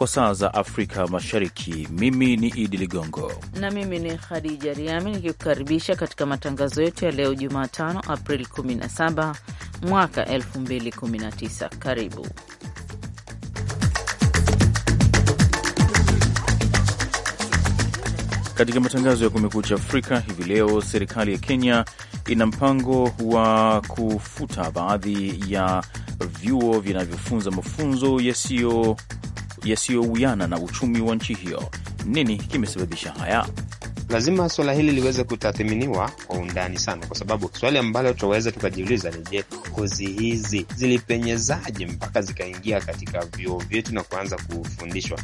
kwa saa za Afrika Mashariki. Mimi ni Idi Ligongo na mimi ni Khadija Riami nikikukaribisha katika matangazo yetu ya leo Jumatano, Aprili 17 mwaka 2019. Karibu katika matangazo ya Kumekucha Afrika. Hivi leo serikali ya Kenya ina mpango wa kufuta baadhi ya vyuo vinavyofunza mafunzo yasiyo yasiyowiana na uchumi wa nchi hiyo. Nini kimesababisha haya? Lazima suala hili liweze kutathiminiwa kwa undani sana, kwa sababu swali ambalo tunaweza tukajiuliza ni je, kozi hizi zilipenyezaje mpaka zikaingia katika vyuo vyetu na kuanza kufundishwa?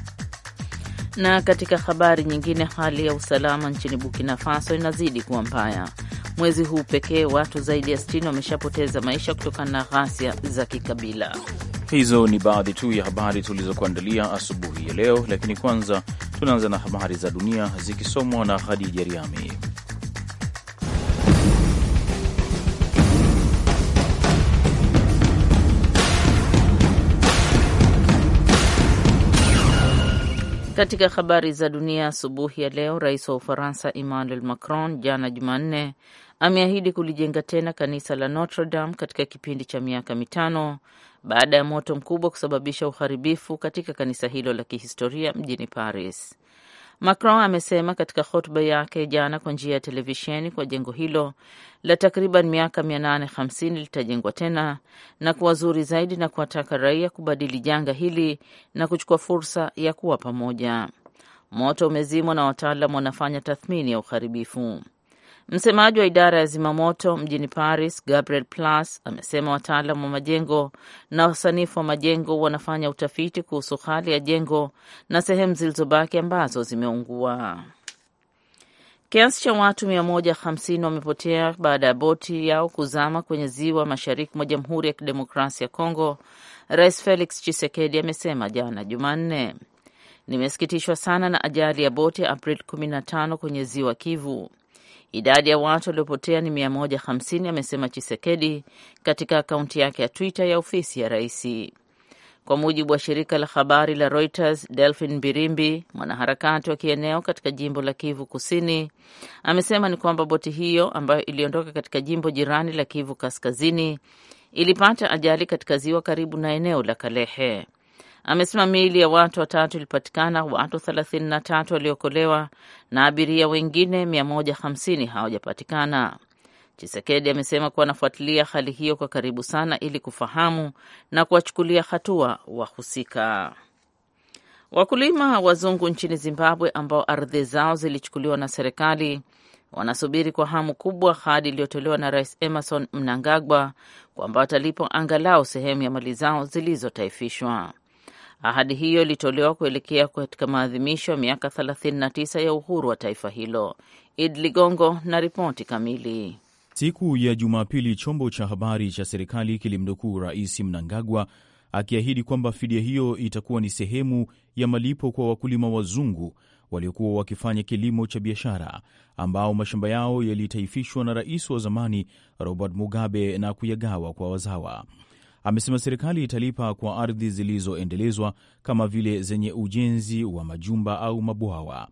Na katika habari nyingine, hali ya usalama nchini Burkina Faso inazidi kuwa mbaya. Mwezi huu pekee watu zaidi ya 60 wameshapoteza maisha kutokana na ghasia za kikabila. Hizo ni baadhi tu ya habari tulizokuandalia asubuhi ya leo, lakini kwanza tunaanza na habari za dunia zikisomwa na hadija Riami. Katika habari za dunia asubuhi ya leo, rais wa Ufaransa Emmanuel Macron jana Jumanne ameahidi kulijenga tena kanisa la Notre Dame katika kipindi cha miaka mitano baada ya moto mkubwa kusababisha uharibifu katika kanisa hilo la kihistoria mjini Paris. Macron amesema katika hotuba yake jana kwa njia ya televisheni kwa jengo hilo la takriban miaka 850 litajengwa tena na kuwa zuri zaidi na kuwataka raia kubadili janga hili na kuchukua fursa ya kuwa pamoja. Moto umezimwa na wataalam wanafanya tathmini ya uharibifu. Msemaji wa idara ya zimamoto mjini Paris, Gabriel Plus, amesema wataalam wa majengo na wasanifu wa majengo wanafanya utafiti kuhusu hali ya jengo na sehemu zilizobaki ambazo zimeungua. Kiasi cha watu 150 wamepotea baada ya boti yao kuzama kwenye ziwa mashariki mwa Jamhuri ya Kidemokrasia ya Kongo, Rais Felix Tshisekedi amesema jana Jumanne. Nimesikitishwa sana na ajali ya boti ya april 15 kwenye ziwa Kivu. Idadi ya watu waliopotea ni 150, amesema Chisekedi katika akaunti yake ya Twitter ya ofisi ya raisi. Kwa mujibu wa shirika la habari la Reuters, Delphin Birimbi, mwanaharakati wa kieneo katika jimbo la Kivu Kusini, amesema ni kwamba boti hiyo ambayo iliondoka katika jimbo jirani la Kivu Kaskazini ilipata ajali katika ziwa karibu na eneo la Kalehe amesema miili ya watu watatu ilipatikana, watu 33 waliokolewa na abiria wengine 150 hawajapatikana. Chisekedi amesema kuwa anafuatilia hali hiyo kwa karibu sana ili kufahamu na kuwachukulia hatua wahusika. Wakulima wazungu nchini Zimbabwe ambao ardhi zao zilichukuliwa na serikali wanasubiri kwa hamu kubwa hadi iliyotolewa na Rais Emerson Mnangagwa kwamba watalipwa angalau sehemu ya mali zao zilizotaifishwa. Ahadi hiyo ilitolewa kuelekea katika maadhimisho ya miaka 39 ya uhuru wa taifa hilo. Id Ligongo na ripoti kamili. Siku ya Jumapili, chombo cha habari cha serikali kilimnukuu Rais Mnangagwa akiahidi kwamba fidia hiyo itakuwa ni sehemu ya malipo kwa wakulima wazungu waliokuwa wakifanya kilimo cha biashara ambao mashamba yao yalitaifishwa na rais wa zamani Robert Mugabe na kuyagawa kwa wazawa. Amesema serikali italipa kwa ardhi zilizoendelezwa kama vile zenye ujenzi wa majumba au mabwawa.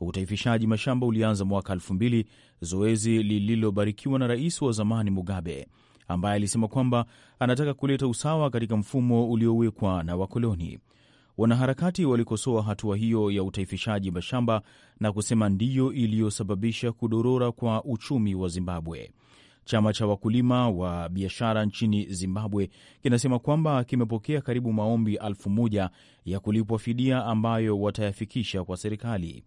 Utaifishaji mashamba ulianza mwaka elfu mbili, zoezi lililobarikiwa na rais wa zamani Mugabe ambaye alisema kwamba anataka kuleta usawa katika mfumo uliowekwa na wakoloni. Wanaharakati walikosoa hatua hiyo ya utaifishaji mashamba na kusema ndiyo iliyosababisha kudorora kwa uchumi wa Zimbabwe. Chama cha wakulima wa biashara nchini Zimbabwe kinasema kwamba kimepokea karibu maombi elfu moja ya kulipwa fidia ambayo watayafikisha kwa serikali.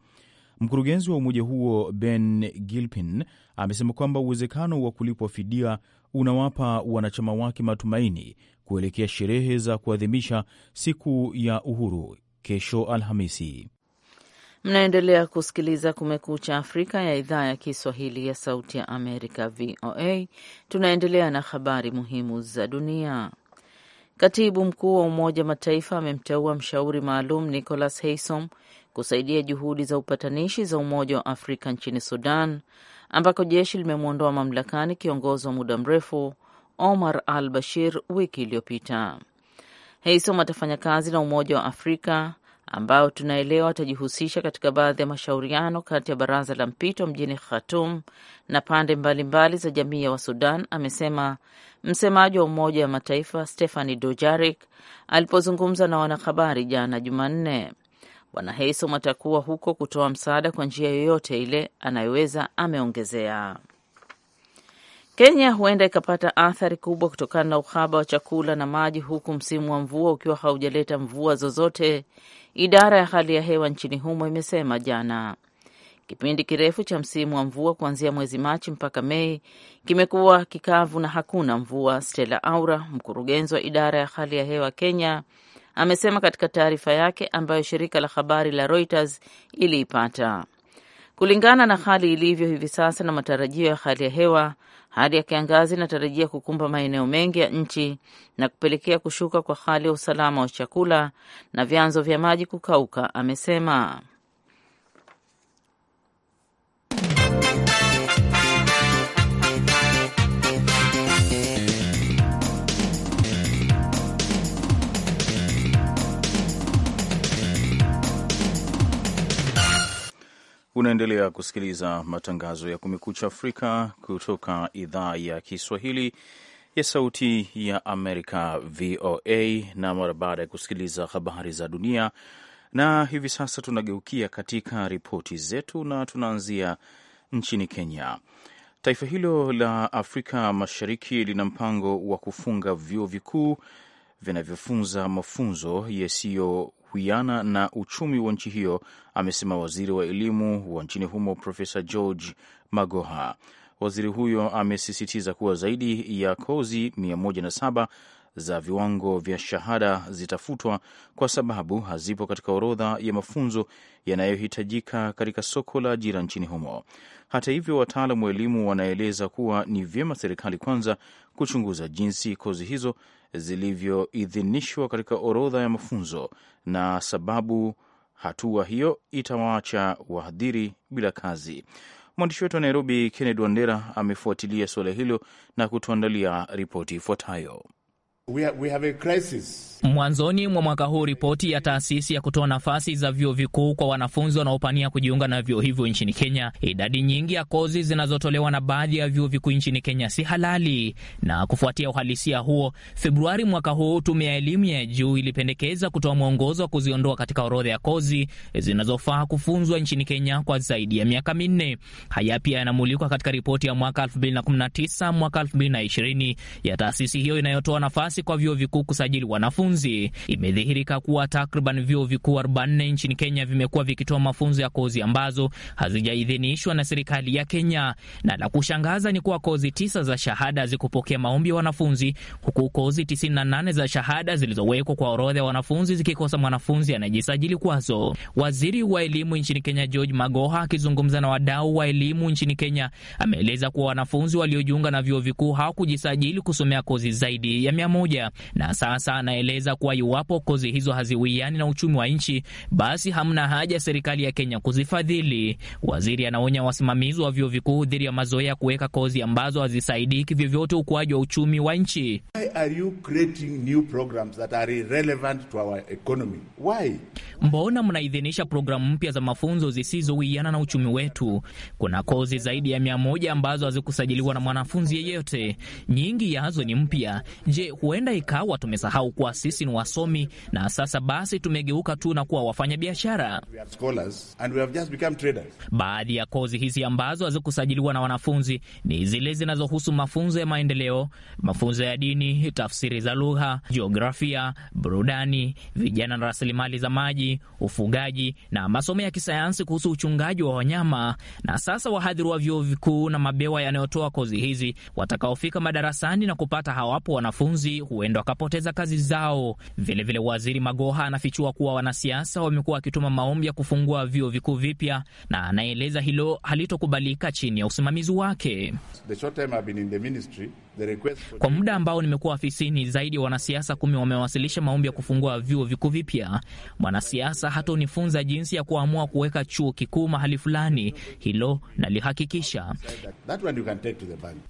Mkurugenzi wa umoja huo Ben Gilpin amesema kwamba uwezekano wa kulipwa fidia unawapa wanachama wake matumaini kuelekea sherehe za kuadhimisha siku ya uhuru kesho Alhamisi. Mnaendelea kusikiliza Kumekucha Afrika ya idhaa ya Kiswahili ya Sauti ya Amerika, VOA. Tunaendelea na habari muhimu za dunia. Katibu mkuu wa Umoja Mataifa amemteua mshauri maalum Nicholas Haysom kusaidia juhudi za upatanishi za Umoja wa Afrika nchini Sudan, ambako jeshi limemwondoa mamlakani kiongozi wa muda mrefu Omar al Bashir wiki iliyopita. Haysom atafanya kazi na Umoja wa Afrika ambao tunaelewa watajihusisha katika baadhi ya mashauriano kati ya baraza la mpito mjini Khartoum na pande mbalimbali mbali za jamii ya Wasudan, amesema msemaji wa Umoja wa Mataifa Stephani Dojarik alipozungumza na wanahabari jana Jumanne. Bwana Heisom atakuwa huko kutoa msaada kwa njia yoyote ile anayoweza, ameongezea. Kenya huenda ikapata athari kubwa kutokana na uhaba wa chakula na maji, huku msimu wa mvua ukiwa haujaleta mvua zozote, idara ya hali ya hewa nchini humo imesema jana. Kipindi kirefu cha msimu wa mvua kuanzia mwezi Machi mpaka Mei kimekuwa kikavu na hakuna mvua. Stella Aura, mkurugenzi wa idara ya hali ya hewa Kenya, amesema katika taarifa yake ambayo shirika la habari la Reuters iliipata. Kulingana na hali ilivyo hivi sasa na matarajio ya hali ya hewa, Hali ya kiangazi inatarajia kukumba maeneo mengi ya nchi na kupelekea kushuka kwa hali ya usalama wa chakula na vyanzo vya maji kukauka, amesema. Unaendelea kusikiliza matangazo ya Kumekucha Afrika kutoka idhaa ya Kiswahili ya Sauti ya Amerika, VOA. Na mara baada ya kusikiliza habari za dunia, na hivi sasa tunageukia katika ripoti zetu, na tunaanzia nchini Kenya. Taifa hilo la Afrika Mashariki lina mpango wa kufunga vyuo vikuu vinavyofunza mafunzo yasiyo kuhuiana na uchumi wa nchi hiyo, amesema waziri wa elimu wa nchini humo Profesa George Magoha. Waziri huyo amesisitiza kuwa zaidi ya kozi 107 za viwango vya shahada zitafutwa kwa sababu hazipo katika orodha ya mafunzo yanayohitajika katika soko la ajira nchini humo. Hata hivyo, wataalam wa elimu wanaeleza kuwa ni vyema serikali kwanza kuchunguza jinsi kozi hizo zilivyoidhinishwa katika orodha ya mafunzo na sababu hatua hiyo itawaacha wahadhiri bila kazi. Mwandishi wetu wa Nairobi, Kennedy Wandera, amefuatilia suala hilo na kutuandalia ripoti ifuatayo. We have, we have a crisis. Mwanzoni mwa mwaka huu ripoti ya taasisi ya kutoa nafasi za vyuo vikuu kwa wanafunzi wanaopania kujiunga na vyuo hivyo nchini Kenya, idadi nyingi ya kozi zinazotolewa na baadhi ya vyuo vikuu nchini Kenya si halali. Na kufuatia uhalisia huo, Februari mwaka huu tume ya elimu ya juu ilipendekeza kutoa mwongozo wa kuziondoa katika orodha ya kozi zinazofaa kufunzwa nchini Kenya kwa zaidi ya miaka minne. Haya pia yanamulikwa katika ripoti ya mwaka 2019 mwaka 2020 ya taasisi hiyo inayotoa nafasi nafasi kwa vyuo vikuu kusajili wanafunzi, imedhihirika kuwa takriban vyuo vikuu 40 nchini Kenya vimekuwa vikitoa mafunzo ya kozi ambazo hazijaidhinishwa na serikali ya Kenya, na la kushangaza ni kuwa kozi tisa za shahada hazikupokea maombi ya wanafunzi, huku kozi 98 za shahada zilizowekwa kwa orodha ya wanafunzi zikikosa mwanafunzi anayejisajili kwazo. Waziri wa elimu nchini Kenya George Magoha akizungumza na wadau wa elimu nchini Kenya ameeleza kuwa wanafunzi waliojiunga na vyuo vikuu hawakujisajili kusomea kozi zaidi ya mia moja moja, na sasa anaeleza kuwa iwapo kozi hizo haziwiani na uchumi wa nchi, basi hamna haja serikali ya Kenya kuzifadhili. Waziri anaonya wasimamizi wa vyuo vikuu dhidi ya mazoea ya kuweka kozi ambazo hazisaidiki vyovyote ukuaji wa uchumi wa nchi. Mbona mnaidhinisha programu mpya za mafunzo zisizowiana na uchumi wetu? Kuna kozi zaidi ya mia moja ambazo hazikusajiliwa na mwanafunzi yeyote, nyingi yazo ni mpya. Je, huenda ikawa tumesahau kuwa sisi ni wasomi na sasa basi tumegeuka tu na kuwa wafanya biashara Baadhi ya kozi hizi ambazo hazikusajiliwa na wanafunzi ni zile zinazohusu mafunzo ya maendeleo, mafunzo ya dini, tafsiri za lugha, jiografia, burudani, vijana na rasilimali za maji, ufugaji na masomo ya kisayansi kuhusu uchungaji wa wanyama. Na sasa wahadhiri wa vyuo vikuu na mabewa yanayotoa kozi hizi watakaofika madarasani na kupata hawapo wanafunzi huenda wakapoteza kazi zao. Vilevile vile waziri Magoha anafichua kuwa wanasiasa wamekuwa wakituma maombi ya kufungua vyuo vikuu vipya, na anaeleza hilo halitokubalika chini ya usimamizi wake The kwa muda ambao nimekuwa afisini, zaidi ya wanasiasa kumi wamewasilisha maombi ya kufungua vyuo vikuu vipya. Mwanasiasa hatonifunza jinsi ya kuamua kuweka chuo kikuu mahali fulani, hilo nalihakikisha.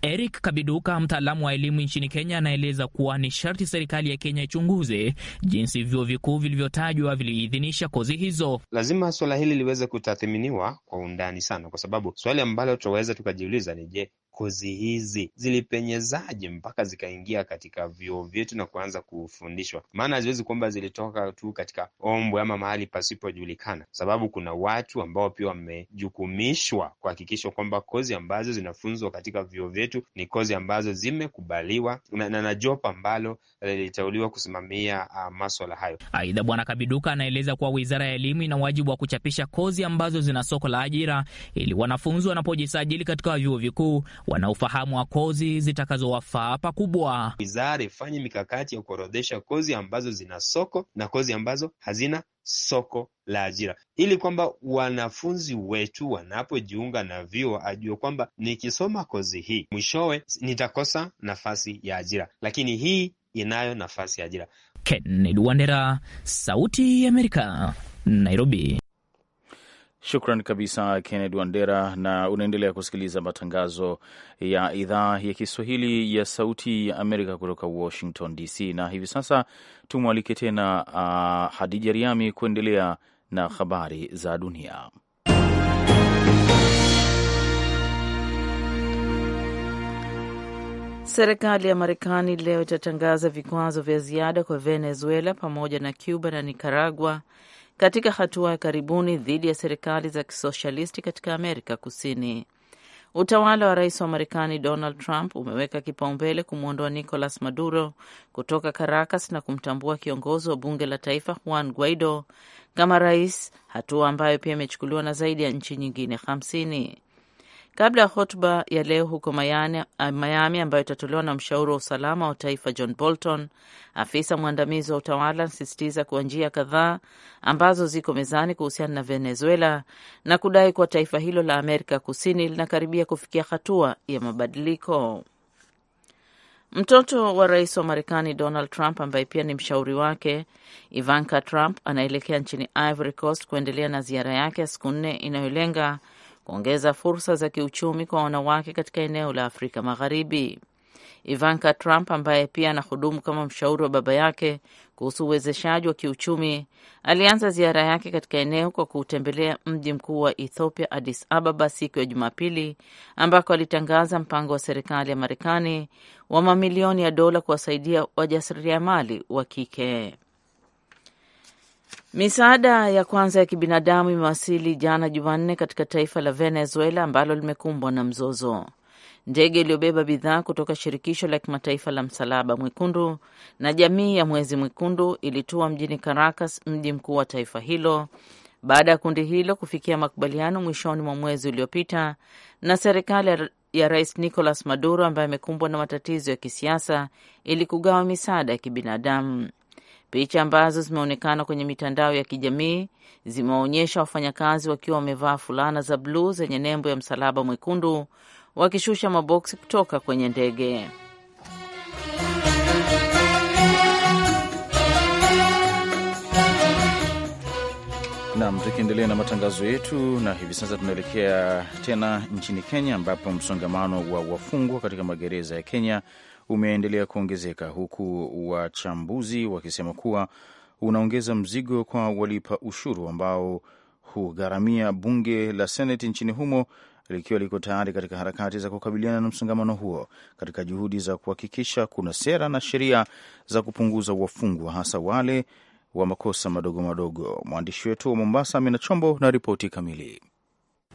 Eric Kabiduka, mtaalamu wa elimu nchini Kenya, anaeleza kuwa ni sharti serikali ya Kenya ichunguze jinsi vyuo vikuu vilivyotajwa viliidhinisha kozi hizo. Lazima swala hili liweze kutathiminiwa kwa undani sana, kwa sababu swali ambalo tunaweza tukajiuliza ni je, kozi hizi zilipenyezaje mpaka zikaingia katika vyuo vyetu na kuanza kufundishwa? Maana haziwezi kwamba zilitoka tu katika ombwe ama mahali pasipojulikana, sababu kuna watu ambao pia wamejukumishwa kuhakikisha kwamba kozi ambazo zinafunzwa katika vyuo vyetu ni kozi ambazo zimekubaliwa na, na, na ambalo liliteuliwa kusimamia uh, maswala hayo. Aidha, Bwana Kabiduka anaeleza kuwa wizara ya elimu ina wajibu wa kuchapisha kozi ambazo zina soko la ajira ili wanafunzi wanapojisajili katika vyuo vikuu wanaofahamu wa kozi zitakazowafaa pakubwa. Wizara ifanye mikakati ya kuorodhesha kozi ambazo zina soko na kozi ambazo hazina soko la ajira, ili kwamba wanafunzi wetu wanapojiunga na vyuo ajue kwamba nikisoma kozi hii mwishowe nitakosa nafasi ya ajira, lakini hii inayo nafasi ya ajira. Kennedy Wandera, Sauti ya Amerika, Nairobi. Shukran kabisa Kennedy Wandera, na unaendelea kusikiliza matangazo ya idhaa ya Kiswahili ya Sauti ya Amerika kutoka Washington DC. Na hivi sasa tumwalike tena uh, Hadija Riami kuendelea na habari za dunia. Serikali ya Marekani leo itatangaza vikwazo vya ziada kwa Venezuela pamoja na Cuba na Nicaragua katika hatua ya karibuni dhidi ya serikali za kisoshalisti katika Amerika Kusini. Utawala wa rais wa Marekani Donald Trump umeweka kipaumbele kumwondoa Nicolas Maduro kutoka Caracas na kumtambua kiongozi wa bunge la taifa Juan Guaido kama rais, hatua ambayo pia imechukuliwa na zaidi ya nchi nyingine hamsini. Kabla ya hotuba ya leo huko eh, Miami ambayo itatolewa na mshauri wa usalama wa taifa John Bolton, afisa mwandamizi wa utawala anasisitiza kuwa njia kadhaa ambazo ziko mezani kuhusiana na Venezuela na kudai kuwa taifa hilo la Amerika Kusini linakaribia kufikia hatua ya mabadiliko. Mtoto wa rais wa Marekani Donald Trump ambaye pia ni mshauri wake Ivanka Trump anaelekea nchini Ivory Coast kuendelea na ziara yake ya siku nne inayolenga kuongeza fursa za kiuchumi kwa wanawake katika eneo la Afrika Magharibi. Ivanka Trump ambaye pia anahudumu kama mshauri wa baba yake kuhusu uwezeshaji wa kiuchumi alianza ziara yake katika eneo kwa kuutembelea mji mkuu wa Ethiopia, Addis Ababa, siku ya Jumapili, ambako alitangaza mpango wa serikali ya Marekani wa mamilioni ya dola kuwasaidia wajasiriamali wa kike. Misaada ya kwanza ya kibinadamu imewasili jana Jumanne katika taifa la Venezuela ambalo limekumbwa na mzozo. Ndege iliyobeba bidhaa kutoka shirikisho la kimataifa la Msalaba Mwekundu na jamii ya Mwezi Mwekundu ilitua mjini Caracas, mji mkuu wa taifa hilo, baada ya kundi hilo kufikia makubaliano mwishoni mwa mwezi uliopita na serikali ya Rais Nicolas Maduro ambaye amekumbwa na matatizo ya kisiasa ili kugawa misaada ya kibinadamu. Picha ambazo zimeonekana kwenye mitandao ya kijamii zimewaonyesha wafanyakazi wakiwa wamevaa fulana za bluu zenye nembo ya Msalaba Mwekundu wakishusha maboksi kutoka kwenye ndege. Nam, tukiendelea na matangazo yetu, na hivi sasa tunaelekea tena nchini Kenya, ambapo msongamano wa wafungwa katika magereza ya Kenya umeendelea kuongezeka huku wachambuzi wakisema kuwa unaongeza mzigo kwa walipa ushuru ambao hugharamia bunge la Seneti nchini humo likiwa liko tayari katika harakati za kukabiliana na msongamano huo katika juhudi za kuhakikisha kuna sera na sheria za kupunguza wafungwa hasa wale wa makosa madogo madogo. Mwandishi wetu wa Mombasa, Amina Chombo, na ripoti kamili.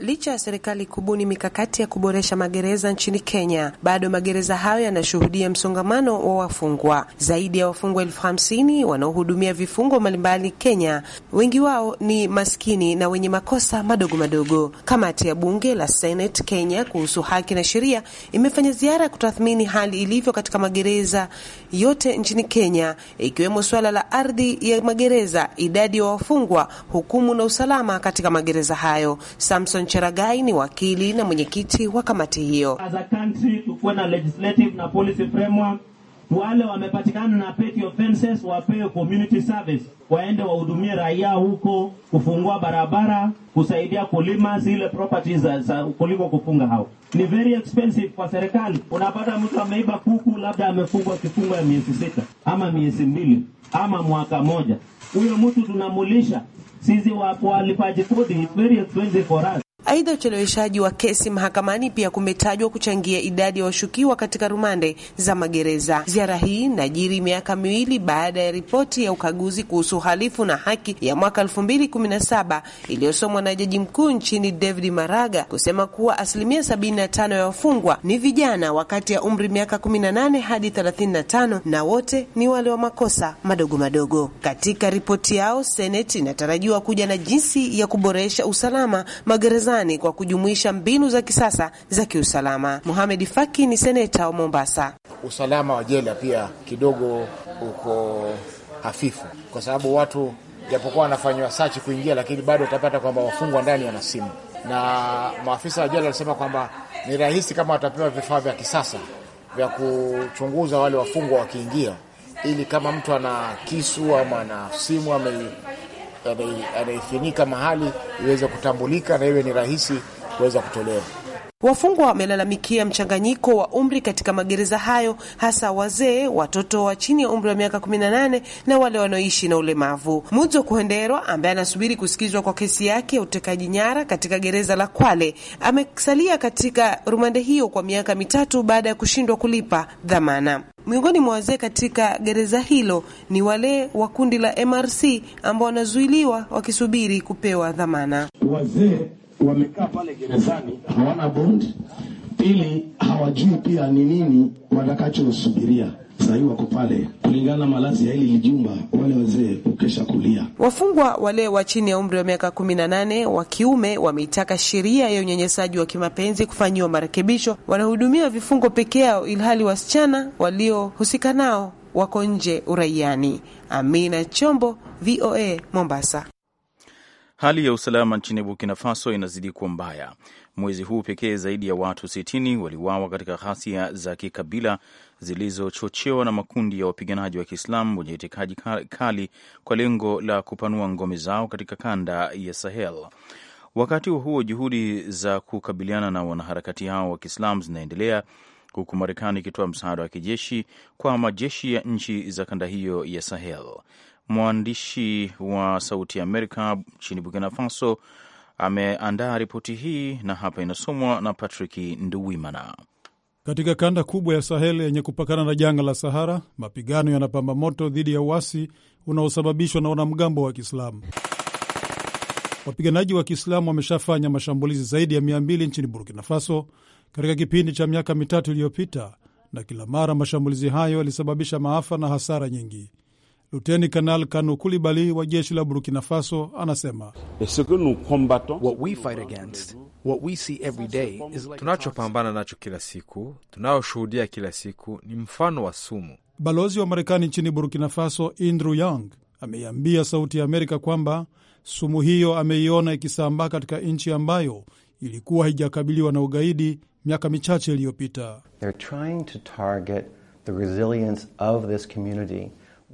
Licha ya serikali kubuni mikakati ya kuboresha magereza nchini Kenya, bado magereza hayo yanashuhudia msongamano wa wafungwa. Zaidi ya wafungwa elfu hamsini wanaohudumia vifungo mbalimbali Kenya, wengi wao ni maskini na wenye makosa madogo madogo. Kamati ya bunge la Senate Kenya kuhusu haki na sheria imefanya ziara ya kutathmini hali ilivyo katika magereza yote nchini Kenya, ikiwemo suala la ardhi ya magereza, idadi ya wa wafungwa, hukumu na usalama katika magereza hayo. Samson John Cheragai ni wakili na mwenyekiti wa kamati hiyo. As a country tukuwe na legislative na policy framework. Wale wamepatikana na petty offenses wapewe community service, waende wahudumie raia huko, kufungua barabara, kusaidia kulima zile properties za kuliko kufunga hao. Ni very expensive kwa serikali. Unapata mtu ameiba kuku, labda amefungwa kifungo ya miezi sita ama miezi mbili ama mwaka moja. Huyo mtu tunamulisha sisi wa walipaji kodi, very expensive for us. Aidha, ucheleweshaji wa kesi mahakamani pia kumetajwa kuchangia idadi ya wa washukiwa katika rumande za magereza. Ziara hii najiri miaka miwili baada ya ripoti ya ukaguzi kuhusu uhalifu na haki ya mwaka 2017 iliyosomwa na jaji mkuu nchini David Maraga kusema kuwa asilimia 75 ya wafungwa ni vijana wakati ya umri miaka 18 hadi 35 na wote ni wale wa makosa madogo madogo. Katika ripoti yao, Seneti inatarajiwa kuja na jinsi ya kuboresha usalama magerezani ndani kwa kujumuisha mbinu za kisasa za kiusalama. Mohamed Faki ni seneta wa Mombasa. Usalama wa jela pia kidogo uko hafifu kwa sababu watu japokuwa wanafanywa sachi kuingia, lakini bado watapata kwamba wafungwa ndani wana simu, na maafisa wa jela walisema kwamba ni rahisi kama watapewa vifaa vya kisasa vya kuchunguza wale wafungwa wakiingia, ili kama mtu ana kisu ama ana simu ame yanaifinyika mahali iweze kutambulika na iwe ni rahisi kuweza kutolewa. Wafungwa wamelalamikia mchanganyiko wa umri katika magereza hayo, hasa wazee, watoto wa chini ya umri wa miaka 18 na wale wanaoishi na ulemavu. Mudzo Kuhenderwa, ambaye anasubiri kusikizwa kwa kesi yake ya utekaji nyara katika gereza la Kwale, amesalia katika rumande hiyo kwa miaka mitatu baada ya kushindwa kulipa dhamana. Miongoni mwa wazee katika gereza hilo ni wale wa kundi la MRC ambao wanazuiliwa wakisubiri kupewa dhamana. Wazee wamekaa pale gerezani, hawana bond, pili hawajui pia ni nini watakachosubiria sahi wako pale kulingana na malazi ya hili jumba, wale wazee ukesha kulia. Wafungwa wale wa chini ya umri wa miaka kumi na nane wa kiume wameitaka sheria ya unyanyasaji wa kimapenzi kufanyiwa marekebisho. wanahudumia vifungo peke yao, ilhali wasichana waliohusika nao wako nje uraiani. Amina Chombo, VOA, Mombasa. Hali ya usalama nchini Burkina Faso inazidi kuwa mbaya. Mwezi huu pekee zaidi ya watu 60 waliuawa katika ghasia za kikabila zilizochochewa na makundi ya wapiganaji wa Kiislamu wenye itikaji kali kwa lengo la kupanua ngome zao katika kanda ya Sahel. Wakati huo, juhudi za kukabiliana na wanaharakati hao wa Kiislamu zinaendelea huku Marekani ikitoa msaada wa kijeshi kwa majeshi ya nchi za kanda hiyo ya Sahel. Mwandishi wa Sauti ya Amerika nchini Burkina Faso ameandaa ripoti hii na hapa inasomwa na Patrick Nduwimana. Katika kanda kubwa ya Sahel yenye kupakana na janga la Sahara, mapigano yanapamba moto dhidi ya uasi unaosababishwa na wanamgambo wa Kiislamu. Wapiganaji wa Kiislamu wameshafanya mashambulizi zaidi ya 20 nchini Burkina Faso katika kipindi cha miaka mitatu iliyopita, na kila mara mashambulizi hayo yalisababisha maafa na hasara nyingi. Luteni Kanal Kanu Kulibali wa jeshi la Burkina Faso anasema tunachopambana nacho kila siku, tunayoshuhudia kila siku ni mfano wa sumu. Balozi wa Marekani nchini Burkina Faso Andrew Young ameiambia Sauti ya Amerika kwamba sumu hiyo ameiona ikisambaa katika nchi ambayo ilikuwa haijakabiliwa na ugaidi miaka michache iliyopita.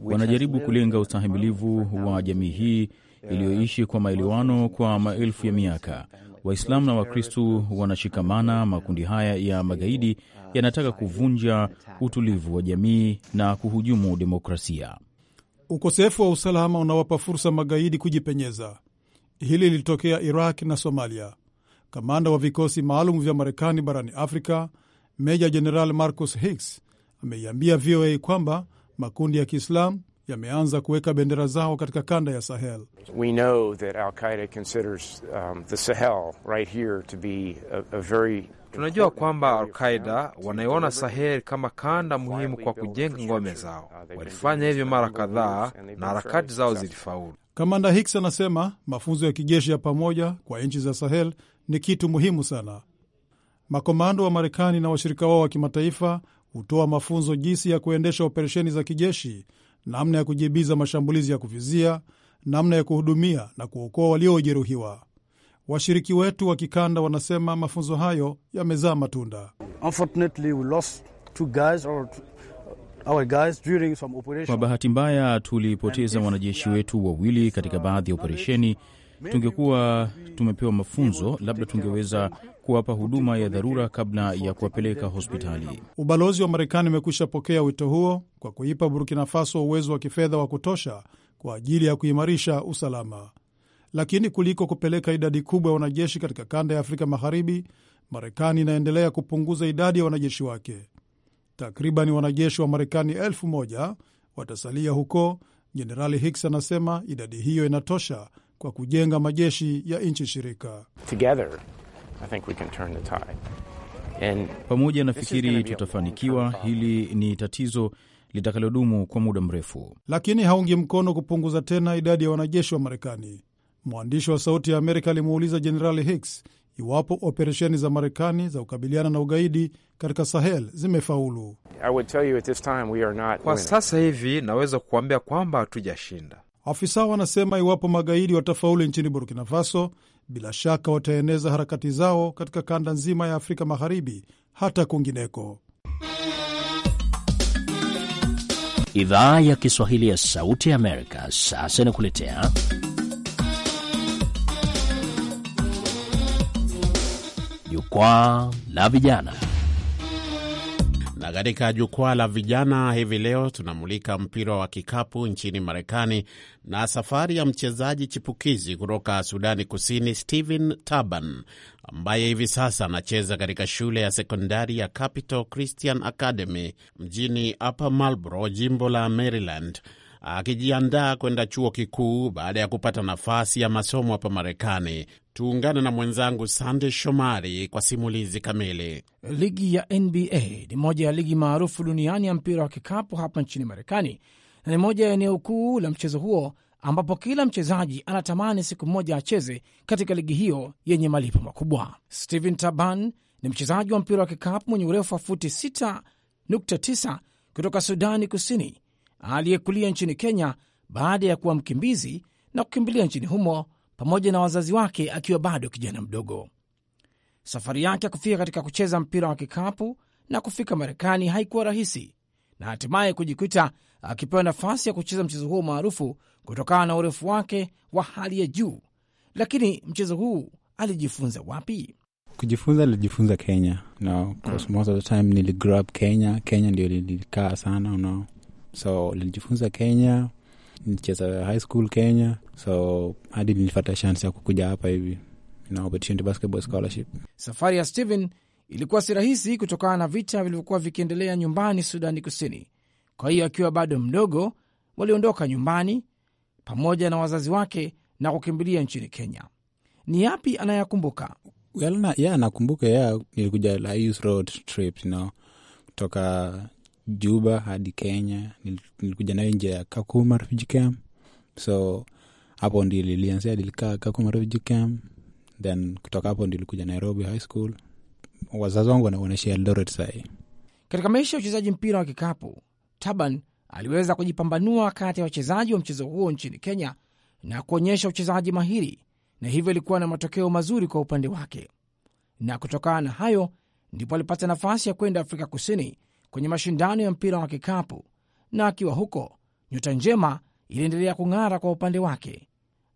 Wanajaribu kulenga ustahimilivu wa jamii hii iliyoishi kwa maelewano kwa maelfu ya miaka. Waislamu na Wakristu wanashikamana. Makundi haya ya magaidi uh, yanataka kuvunja utulivu wa jamii na kuhujumu demokrasia. Ukosefu wa usalama unawapa fursa magaidi kujipenyeza. Hili lilitokea Iraq na Somalia. Kamanda wa vikosi maalum vya Marekani barani Afrika, Meja Jeneral Marcus Hicks ameiambia VOA kwamba makundi ya Kiislamu yameanza kuweka bendera zao katika kanda ya Sahel. We know that al considers um, the Sahel right here to be a, a very Tunajua kwamba Alqaida wanaiona Sahel kama kanda muhimu kwa kujenga ngome zao. Walifanya hivyo mara kadhaa na harakati zao zilifaulu. Kamanda Hicks anasema mafunzo ya kijeshi ya pamoja kwa nchi za Sahel ni kitu muhimu sana. Makomando wa Marekani na washirika wao wa kimataifa hutoa mafunzo jinsi ya kuendesha operesheni za kijeshi, namna ya kujibiza mashambulizi ya kuvizia, namna ya kuhudumia na kuokoa waliojeruhiwa. Washiriki wetu wa kikanda wanasema mafunzo hayo yamezaa matunda. Kwa bahati mbaya, tulipoteza wanajeshi wetu wawili katika uh, baadhi ya operesheni. Tungekuwa tumepewa mafunzo, labda tungeweza kuwapa huduma ya dharura kabla ya kuwapeleka hospitali. Ubalozi wa Marekani umekwisha pokea wito huo kwa kuipa Burkina Faso uwezo wa kifedha wa kutosha kwa ajili ya kuimarisha usalama. Lakini kuliko kupeleka idadi kubwa ya wanajeshi katika kanda ya Afrika Magharibi, Marekani inaendelea kupunguza idadi ya wanajeshi wake. Takriban wanajeshi wa Marekani elfu moja watasalia huko. Jenerali Hicks anasema idadi hiyo inatosha kwa kujenga majeshi ya nchi shirika Together. I think we can turn the tide. And pamoja nafikiri tutafanikiwa. Hili ni tatizo litakalodumu kwa muda mrefu, lakini haungi mkono kupunguza tena idadi ya wanajeshi wa Marekani. Mwandishi wa Sauti ya Amerika alimuuliza Jenerali Hicks iwapo operesheni za Marekani za kukabiliana na ugaidi katika Sahel zimefaulu. Kwa sasa hivi naweza kukuambia kwamba hatujashinda. Afisa wanasema iwapo magaidi watafaulu nchini Burkina Faso, bila shaka wataeneza harakati zao katika kanda nzima ya Afrika Magharibi hata kwingineko. Idhaa ya Kiswahili ya Sauti ya Amerika sasa inakuletea jukwaa la vijana. Katika jukwaa la vijana hivi leo tunamulika mpira wa kikapu nchini Marekani na safari ya mchezaji chipukizi kutoka Sudani Kusini, Stephen Taban, ambaye hivi sasa anacheza katika shule ya sekondari ya Capital Christian Academy mjini Upper Marlboro, jimbo la Maryland, akijiandaa kwenda chuo kikuu baada ya kupata nafasi ya masomo hapa Marekani. Tuungane na mwenzangu Sande Shomari kwa simulizi kamili. Ligi ya NBA ni moja ya ligi maarufu duniani ya mpira wa kikapu hapa nchini Marekani, na ni moja ya eneo kuu la mchezo huo ambapo kila mchezaji anatamani siku moja acheze katika ligi hiyo yenye malipo makubwa. stephen Taban ni mchezaji wa mpira wa kikapu mwenye urefu wa futi 6.9 kutoka Sudani Kusini aliyekulia nchini Kenya baada ya kuwa mkimbizi na kukimbilia nchini humo pamoja na wazazi wake akiwa bado kijana mdogo. Safari yake ya kufika katika kucheza mpira wa kikapu na kufika Marekani haikuwa rahisi na hatimaye kujikuta akipewa nafasi ya kucheza mchezo huo maarufu kutokana na urefu wake wa hali ya juu. Lakini mchezo huu alijifunza wapi? Kujifunza alijifunza Kenya no, mm. most of the time niligrow up Kenya. Kenya ndio lilikaa sana no so nilijifunza Kenya, nicheza high school Kenya, so hadi nilipata chance ya kukuja hapa hivi na opportunity basketball scholarship. Safari ya Steven ilikuwa si rahisi kutokana na vita vilivyokuwa vikiendelea nyumbani Sudani Kusini. Kwa hiyo akiwa bado mdogo, waliondoka nyumbani pamoja na wazazi wake na kukimbilia nchini Kenya. Ni yapi anayakumbuka? Well, na, yeah, nakumbuka yeah, nilikuja la Youth Road trip you know, kutoka Juba hadi Kenya. Nilikuja nayo nje ya Kakuma refugee camp, so hapo ndi lilianzia, lilikaa Kakuma refugee camp, then kutoka hapo ndilikuja Nairobi high school. Wazazi wangu wanaishi Eldoret sahii. Katika maisha ya uchezaji mpira wa kikapu, Taban aliweza kujipambanua kati ya wachezaji wa mchezo huo nchini Kenya na kuonyesha uchezaji mahiri, na hivyo ilikuwa na matokeo mazuri kwa upande wake, na kutokana na hayo ndipo alipata nafasi ya kwenda Afrika Kusini kwenye mashindano ya mpira wa kikapu, na akiwa huko nyota njema iliendelea kung'ara kwa upande wake.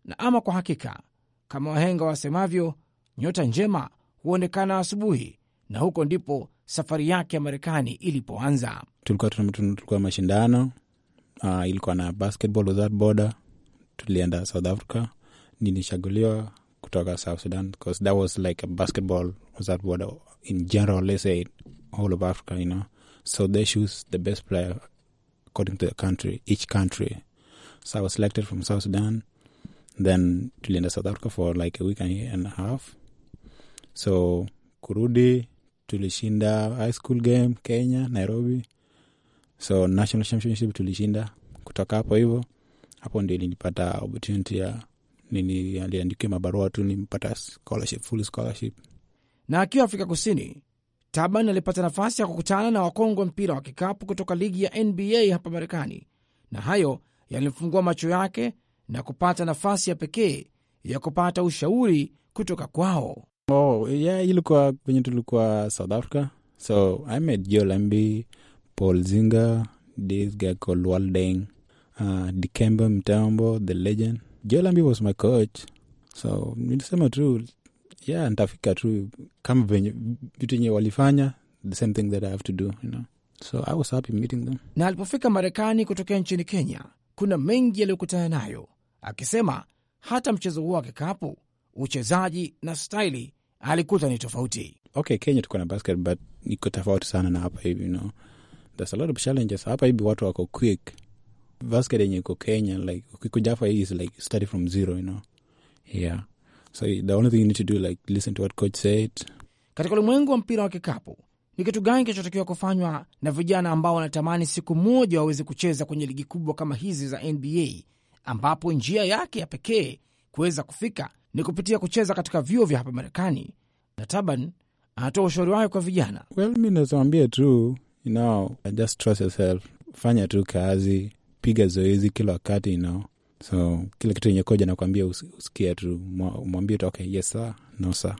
Na ama kwa hakika, kama wahenga wasemavyo, nyota njema huonekana asubuhi, na huko ndipo safari yake ya Marekani ilipoanza. Tulikuwa tuna tulikuwa mashindano uh, ilikuwa na basketball without border. Tulienda South Africa, nilishaguliwa kutoka South Sudan because that was like a basketball without border in general, let's say all of Africa, you know So they choose the best player according to the country, each country. So I was selected from South Sudan. Then tulienda South Africa for like a week and a half. So kurudi tulishinda high school game Kenya, Nairobi. So national championship tulishinda. Kutoka hapo hivyo, hapo ndio ilinipata opportunity ya nini, aliandikia mabarua tu nimpata scholarship, full scholarship. Na akiwa Afrika Kusini Taban alipata nafasi ya kukutana na wakongwe mpira wa kikapu kutoka ligi ya NBA hapa Marekani, na hayo yalimfungua macho yake na kupata nafasi ya pekee ya kupata ushauri kutoka kwao. Oh, yeah, ilikuwa kwenye tulikuwa South Africa, so I met Joe Lambi, Paul Zinga, this guy called Waldeng, uh, Dikembe Mutombo, the legend. Joe Lambi was my coach, so nilisema tu yeah, ntafika tu kama venye vitu enye walifanya the same thing that I have to do you know? So I was happy meeting them. Na alipofika Marekani kutokea nchini Kenya, kuna mengi yaliyokutana nayo, akisema hata mchezo huo wa kikapu, uchezaji na staili alikuta ni tofauti. Okay, Kenya tuko na basket but iko tofauti sana na hapa hivi you know? There's a lot of challenges hapa hivi, watu wako quick. Basket yenye iko Kenya like ukikuja hapa hii is like study from zero you know? yeah katika ulimwengu wa mpira wa kikapu, ni kitu gani kinachotakiwa kufanywa na vijana ambao wanatamani siku moja waweze kucheza kwenye ligi kubwa kama hizi za NBA, ambapo njia yake ya pekee kuweza kufika ni kupitia kucheza katika vyuo vya hapa Marekani? Na Taban anatoa ushauri wake kwa vijana. Well, mi tu you know, just trust yourself, fanya tu kazi, piga zoezi kila wakati you know. So kila kitu yenye koja nakwambia usikie tu, mwambie tu toke yes sir, no sir.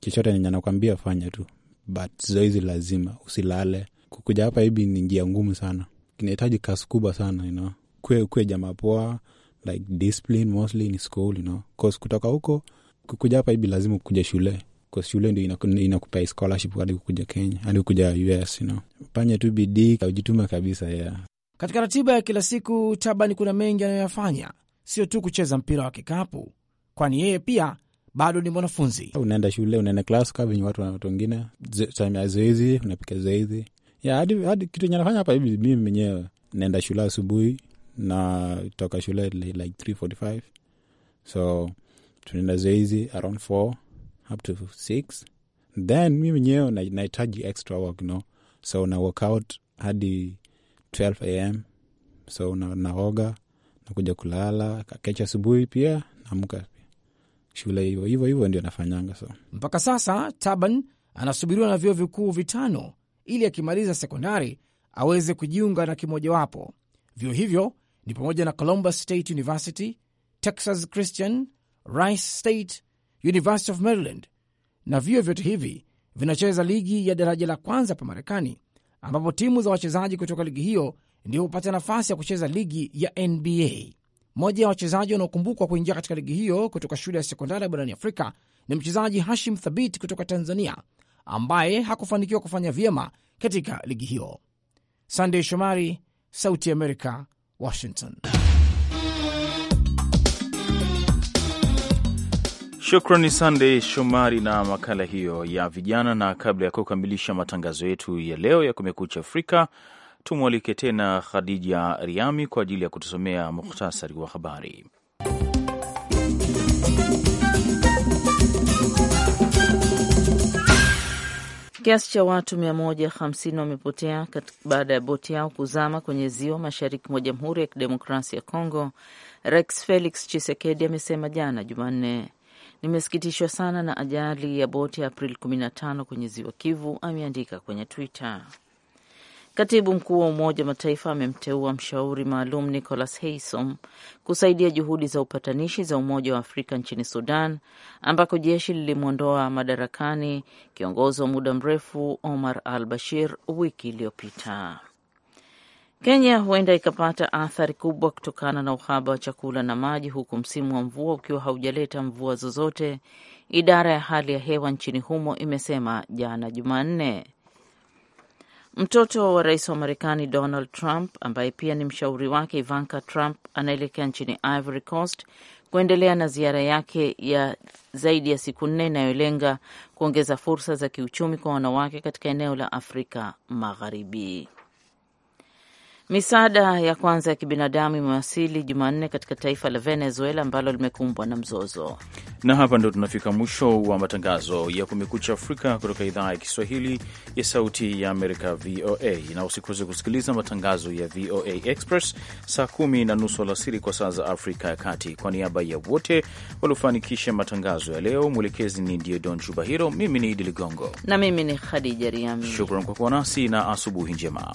Chochote enye nakwambia fanya tu, but zoezi lazima, usilale. Kukuja hapa hivi ni njia ngumu sana, kinahitaji kasi kubwa sana you know? kwe, kwe jamaa poa like discipline mostly in school you know? Cause kutoka huko kukuja hapa hivi lazima kukuja shule cause shule ndio inakupa ina scholarship hadi kukuja Kenya hadi kukuja US you know? Fanya tu bidii, ujituma kabisa yeah. Katika ratiba ya kila siku, Taban kuna mengi anayoyafanya, sio tu kucheza mpira wa kikapu, kwani yeye pia bado ni mwanafunzi. Unaenda shule, unaenda klas ka venye watu watu wengine, zoezi, unapika zoezi hadi hadi kitu enye anafanya hapa hivi. Mimi mwenyewe naenda shule asubuhi na toka shule like 3:45 so tunaenda zoezi around 4 up to 6 then mi mwenyewe nahitaji extra work you know? so na workout hadi 12 am so na, naoga nakuja kulala kakecha asubuhi pia naamka shule hivo hivo hivo ndio nafanyanga. So mpaka sasa Taban anasubiriwa na vyuo vikuu vitano ili akimaliza sekondari aweze kujiunga na kimojawapo. Vyuo hivyo ni pamoja na Columbus State University, Texas Christian, Rice State, University of Maryland, na vyuo vyote hivi vinacheza ligi ya daraja la kwanza pa Marekani ambapo timu za wachezaji kutoka ligi hiyo ndio hupata nafasi ya kucheza ligi ya NBA. Mmoja ya wachezaji wanaokumbukwa kuingia katika ligi hiyo kutoka shule ya sekondari barani Afrika ni mchezaji Hashim Thabit kutoka Tanzania, ambaye hakufanikiwa kufanya vyema katika ligi hiyo. Sandey Shomari, Sauti ya Amerika, Washington. Shukrani Sandey Shomari na makala hiyo ya vijana. Na kabla ya kukamilisha matangazo yetu ya leo ya Kumekucha Afrika, tumwalike tena Khadija Riami kwa ajili ya kutusomea muhtasari wa habari. Kiasi cha watu 150 wamepotea baada ya boti yao kuzama kwenye ziwa mashariki mwa Jamhuri ya Kidemokrasia ya Kongo, rex Felix chisekedi amesema jana Jumanne. Nimesikitishwa sana na ajali ya boti ya Aprili 15 kwenye ziwa Kivu, ameandika kwenye Twitter. Katibu mkuu wa Umoja wa Mataifa amemteua mshauri maalum Nicholas Haysom kusaidia juhudi za upatanishi za Umoja wa Afrika nchini Sudan, ambako jeshi lilimwondoa madarakani kiongozi wa muda mrefu Omar al Bashir wiki iliyopita. Kenya huenda ikapata athari kubwa kutokana na uhaba wa chakula na maji, huku msimu wa mvua ukiwa haujaleta mvua zozote, idara ya hali ya hewa nchini humo imesema jana Jumanne. Mtoto wa rais wa Marekani Donald Trump ambaye pia ni mshauri wake Ivanka Trump anaelekea nchini Ivory Coast kuendelea na ziara yake ya zaidi ya siku nne inayolenga kuongeza fursa za kiuchumi kwa wanawake katika eneo la Afrika Magharibi. Misaada ya kwanza ya kibinadamu imewasili Jumanne katika taifa la Venezuela ambalo limekumbwa na mzozo. Na hapa ndo tunafika mwisho wa matangazo ya Kumekucha Afrika kutoka idhaa ya Kiswahili ya Sauti ya Amerika, VOA. Na usikose kusikiliza matangazo ya VOA Express saa kumi na nusu alasiri kwa saa za Afrika ya Kati. Kwa niaba ya wote waliofanikisha matangazo ya leo, mwelekezi ni Don Chubahiro, mimi ni Idi Ligongo na mimi ni Khadija Riami. Shukran kwa kuwa nasi na asubuhi njema.